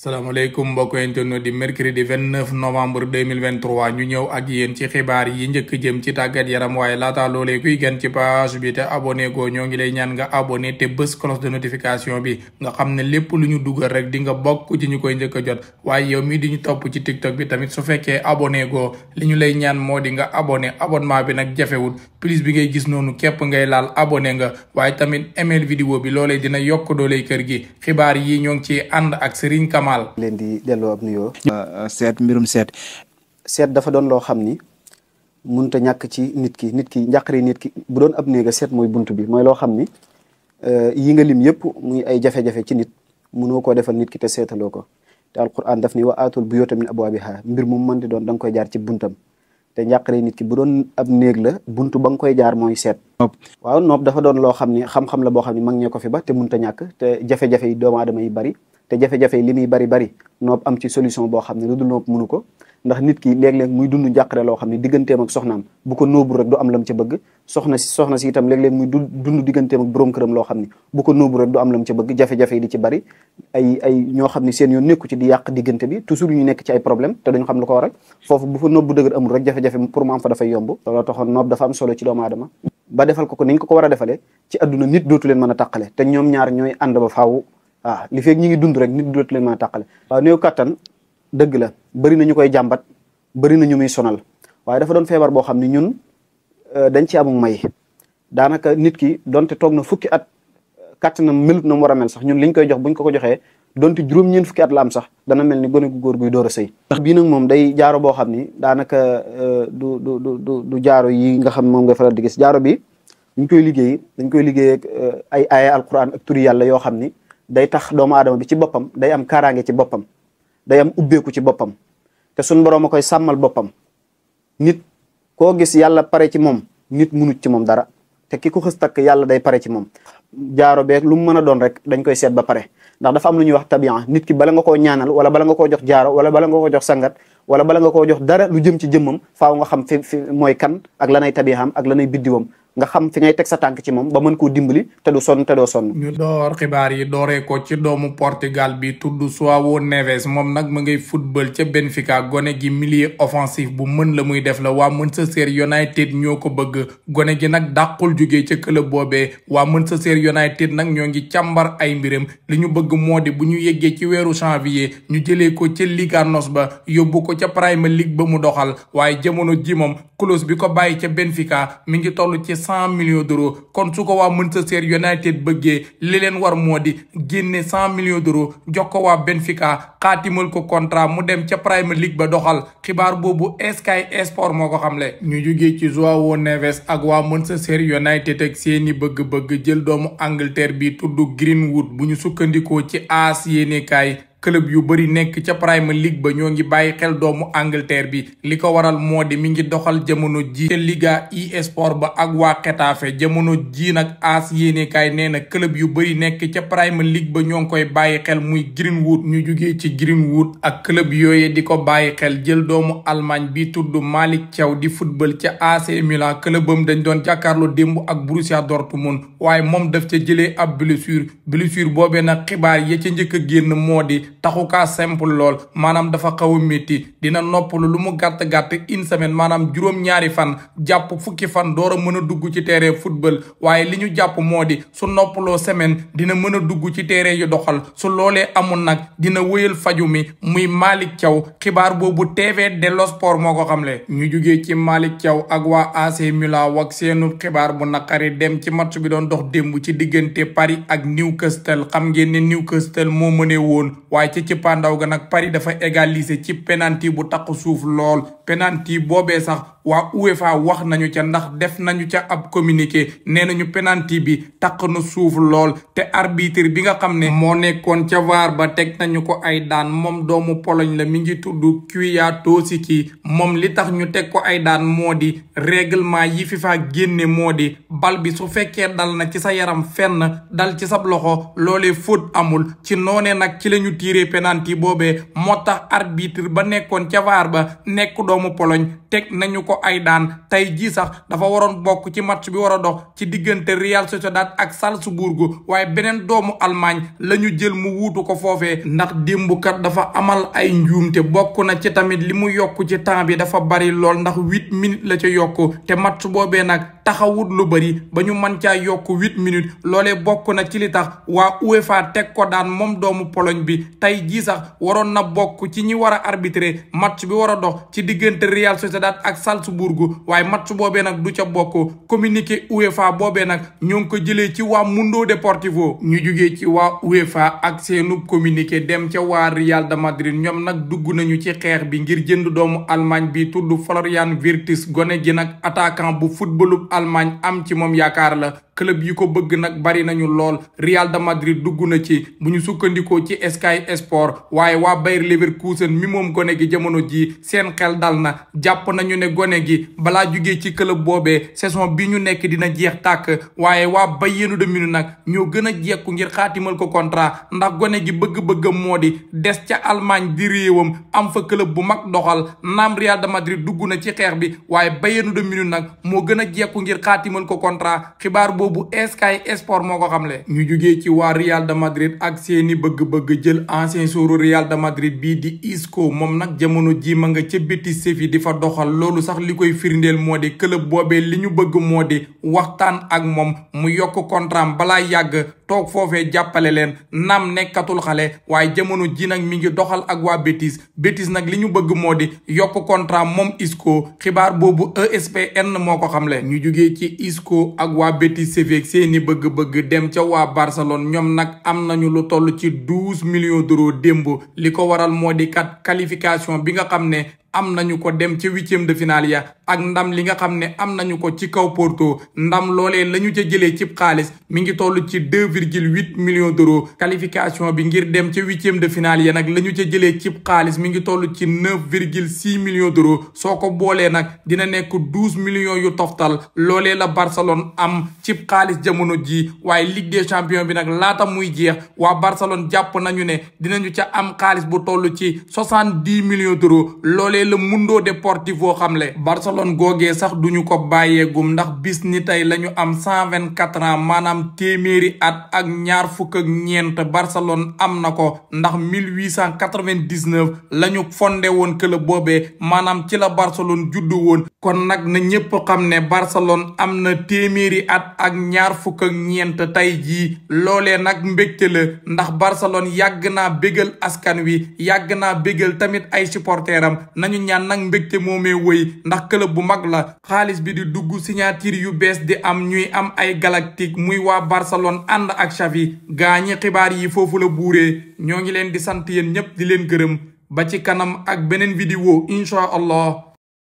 salaamaaleykum mbokk internet di mercredi 29 novembre 2023 ñu ñëw ak yéen ci xibaar yi njëkk jëm ci tàggat yaram waaye laata loolee kuy gën ci page bi te abonné goo ñoo ngi lay ñaan nga abone te bés cloche de notification bi nga xam ne lépp lu ñu dugal rek di nga bokk ci ñu koy njëkk a jot waaye yow mii di ñu topp ci tiktok bi tamit su fekkee abonné goo li ñu lay ñaan moo di nga abonné abonnement bi nag jafewul plus bi ngay gis noonu képp ngay laal abone nga waaye tamit email vidéo bi loolee dina yokk dooley kër gi xibaar yi ñoo ngi ciy ànd normal. leen di delloo ab nuyoo. Euh, seet mbirum seet. seet dafa doon loo xam ni mun ta ñàkk ci nit ki nit ki njàqare nit ki bu doon ab néega seet mooy bunt bi mooy loo xam ni euh, yi nga lim yëpp muy ay jafe-jafe ci nit mënoo koo defal nit ki te seetaloo ko te alquran daf ni wa aatul buyuuta min abwaabihaa mbir mu mën di doon da koy jaar ci buntam te njàqare ki bu doon ab néeg la buntu ba nga koy jaar mooy seet. waaw noob dafa doon loo xam ni xam la boo xam ni mag ñee ko fi ba te mënut a ñàkk te jafe-jafe yi doomu aadama yi bari. te jafe-jafe li muy bari bari noob am ci solution boo xam ne lu dul noob mënu ko ndax nit ki léeg-léeg muy dund njàqare loo xam ne digganteem ak soxnaam bu ko nóobul rek du am lam ca bëgg soxna si soxna si itam léeg-léeg muy dund digganteem ak borom këram loo xam ne bu ko nóobul rek du am lam ca bëgg jafe-jafe yi di ci bari ñoo xam ne seen yoon nekku ci di yàq diggante bi toujours ñu nekk ci ay problème te duñ xam lu ko waral foofu bu bu dëgër amul rek jafe-jafe pour mu am fa dafay yomb loo taxoon noob dafa am solo ci doomu aadama ba defal ko ko niñ ko ko war a defalee ci àdduna nit dootu leen mën a tàqale te ñoom ñaar ñooy ànd ba faaw waaw li feeg ñi ngi dund rek nit dootu leen mën a tàqale waaw néew kattan dëgg la bëri na ñu koy jàmbat bëri na ñu muy sonal waaye dafa doon feebar boo xam ne ñun euh, dañ ci amum may daanaka nit ki donte toog na fukki at kattanam melut na mu a mel sax ñun liñ koy jox buñ ko ko joxee donte juróom-ñeent fukki at la am sax dana mel ni gone gu góor guy door a sëy ndax bii nag moom day jaaro boo xam ni daanaka euh, du du du jaaro yi nga xam moom nga faral di gis jaaro bi dañ koy liggéey dañ koy liggéey euh, ay aaya alquran yoo xam ni day tax doomu aadama bi ci boppam day am kaaraange ci boppam day am ubbeeku ci boppam te suñ borom a koy sàmmal boppam nit koo gis yàlla pare ci moom nit munut ci moom dara te ki ko xës takk yàlla day pare ci moom jaaro beeg lu mu mën a doon rek dañ koy seet ba pare ndax dafa am lu ñuy wax tabian nit ki bala nga koo ñaanal wala bala nga koo jox jaaro wala bala nga ko jox sangat wala bala nga koo jox dara lu jëm ci jëmmam faaw nga xam fi fi mooy kan ak lanay tabiaam ak lanay biddiwam nga xam fi ngay teg sa tànk ci moom ba mën koo dimbali te du sonn te doo sonn. ñu door xibaar yi dooree ko ci doomu Portugal bi tudd João Neves moom nag mu ngay football ca Benfica gone gi milieu offensif bu mën la muy def la waa Manchester United ñoo ko bëgg gone gi nag dàqul jóge ca club boobee waa mën sa Manchester United nag ñoo ngi càmbar ay mbiram li ñu bëgg moo di bu ñu yeggee ci weeru janvier ñu jëlee ko ca Liga NOS ba yóbbu ko ca Premier League ba mu doxal waaye jamono ji moom close bi ko bàyyi ca Benfica mi ngi toll cent millions d'euros kon su ko waa mën Manchester United bëggee li leen war moo di génne cent millions d'euros jox ko waa Benfica xaatimal ko contrat mu dem ca Premier League ba doxal xibaar boobu Sky Sport moo ko xamle. ñu jugee ci João Neves ak waa mën sa Manchester United ak seeni bëgg-bëgg jël doomu Angleterre bi tudd Greenwood bu ñu sukkandikoo ci AS yéenekaay club yu bëri nekk ca Premier League ba ñoo ngi bàyyi xel doomu Angleterre bi li ko waral moo di mi ngi doxal jamono ji te Liga e sport ba ak waa Xetafe jamono ji nag aas yéenekaay nee na club yu bëri nekk ca Premier League ba ñoo ngi koy bàyyi xel muy Greenwood ñu jugee ci Greenwood ak club yooye di ko bàyyi xel jël doomu Allemagne bi tudd Malick ceew di football ca AC Milan clubam dañ doon jàkkaarloo démb ak Borussia Dortmund waaye moom daf ca jëlee ab blessure blessure boobee nag xibaar ya ca njëkk a génn moo di taxu kaa simple lool maanaam dafa xaw a dina noppalu lu mu gàtt-gàtt une semaine maanaam juróom-ñaari fan jàpp fukki fan door a mën a dugg ci terrain football waaye li ñu jàpp moo di su noppaloo semaine dina mën a dugg ci terrain yu doxal su loolee amul nag dina wéyal faju mi muy Malick caw xibaar boobu TV Dello Sport moo ko xam xamle ñu jugee ci Malick Thiaw ak waa AC Milan wax seenu xibaar bu naqari dem ci match bi doon dox démb ci diggante Paris ak Newcastle xam ngeen ne Newcastle moo mëne woon waaye ca cëppaandaw ga nag Paris dafa égaliser ci penalty bu taq suuf lool penalty boobee sax waa UEFA wax nañu ca ndax def nañu ca ab communiqué nee nañu penalty bi taq na suuf lool te arbitre bi nga xam ne moo nekkoon ca VAR ba teg nañu ko ay daan moom doomu Pologne la mi njiitu du ngi tudd Kwiatkowski moom li tax ñu teg ko ay daan moo di règlement yi FIFA génne moo di bal bi su fekkee dal na ci sa yaram fenn dal ci sab loxo loolee faute amul ci noonee nag tiré penalti boobee moo tax arbitre ba nekkoon ca vaar ba nekk doomu Pologne teg nañu ko ay daan tey jii sax dafa waroon bokk ci match bi war a dox ci diggante Real Sociedad ak Salzburg waaye beneen doomu Allemagne la ñu jël mu wuutu ko foofee ndax démb kat dafa amal ay njuumte bokk na ci tamit li mu yokk ci temps bi dafa bari lool ndax huit minutes la ci yokk te match boobee nag. taxawut lu bëri ba ñu mën caa yokk huit minutes loolee bokk na ci li tax waa UEFA teg ko daan moom doomu Pologne bi tey jii sax waroon na bokk ci ñi war a arbitré match bi war a dox ci diggante Sociedad ak Salzburg waaye match boobee nag du ca bokk communiqué UEFA boobee nag ñoo ngi ko jëlee ci waa Mundo Deportivo ñu jugee ci waa UEFA ak seenu communiqué dem ca waa Real de Madrid ñoom nag dugg nañu ci xeex bi ngir jënd doomu Allemagne bi tudd Florian Wirtz gone gi nag attaquant bu footballu Allemagne am ci moom yaakaar la club yi ko bëgg nag bari nañu lool Real de Madrid dugg na ci bu ñu sukkandikoo ci Sky Sport waaye waa Bayer Leverkusen mi moom gone gi jamono ji seen xel dal na nañu ne gone gi balaa jugee ci club boobee saison bi ñu nekk dina jeex tàkk waaye waa Bayern de Munich nag ñoo gën a jekku ngir xaatimal ko contrat ndax gone gi bëgg-bëggam moo di des ca Allemagne di réewam am fa club bu mag doxal naam de Madrid dugg na ci xeex bi waaye Bayern de Munich nag moo gën a jekku ngir xaatimal ko contrat xibaar boobu Sky Sport moo ko le ñu jugee ci waa Real de Madrid ak seeni bëgg-bëgg jël ancien sóoru Real de Madrid bii di Isco moom nag jamono ji ma nga ca Betis Séville di fa doxal loolu sax li koy firndeel moo di club boobee li ñu bëgg moo di waxtaan ak moom mu yokk contrat balaa yàgg toog foofe jàppale leen naam nekkatul xale waaye jamono ji nag mi ngi doxal ak waa Betis Betis nag li ñu bëgg moo di yokk contrat moom isko xibaar boobu ESPN moo ko xam xamle. ñu jugee ci isko ak waa Betis CFC seeni bëgg-bëgg dem ca waa Barcelone ñoom nag am nañu lu toll ci douze millions d'euros démb li ko waral moo di kat qualification bi nga xam ne. am nañu ko dem ci huitième de finale ya ak ndam li nga xam ne am nañu ko ci kaw Porto ndam loole la ñu ca jëlee cib xaalis mi ngi toll ci deux virgule huit millions d'euros qualification bi ngir dem ca huitième de finale ya nag la ñu ca jëlee cib xaalis mi ngi tollu ci neuf virgule six millions d'euros soo ko boolee nag dina nekk douze millions yu toftal loolee la Barcelone am cib xaalis jamono ji waaye Ligue des champions bi nag laata muy jeex waa Barcelone jàpp nañu ne dinañu ca am xaalis bu toll ci soixante dix millions d'euros loolee la Mundo xam xamle Barcelone googee sax du duñu ko bàyyeegum ndax bis ni tey lañu am cent vingt quatre maanaam téeméeri at ak ñaar fukk ak ñeent Barcelone am na ko ndax mille huit cent quatre vingt dix neuf lañu fondé woon club boobee maanaam ci la Barcelone juddu woon kon nag na ñépp xam ne Barcelone am na téeméeri at ak ñaar fukk ak ñeent tey jii loole nag mbégte la ndax Barcelone yàgg naa bégal askan wi yàgg naa bégal tamit ay supporteram na ñu ñaan nag mbégte moomee wëy ndax club bu mag la xaalis bi di dugg signature yu bees di am ñuy am ay galactique muy waa Barcelone ànd ak Xavi gaañi xibaar yi foofu la buure ñoo ngi leen di sant yéen ñépp di leen gërëm ba ci kanam ak beneen vidéo incha allah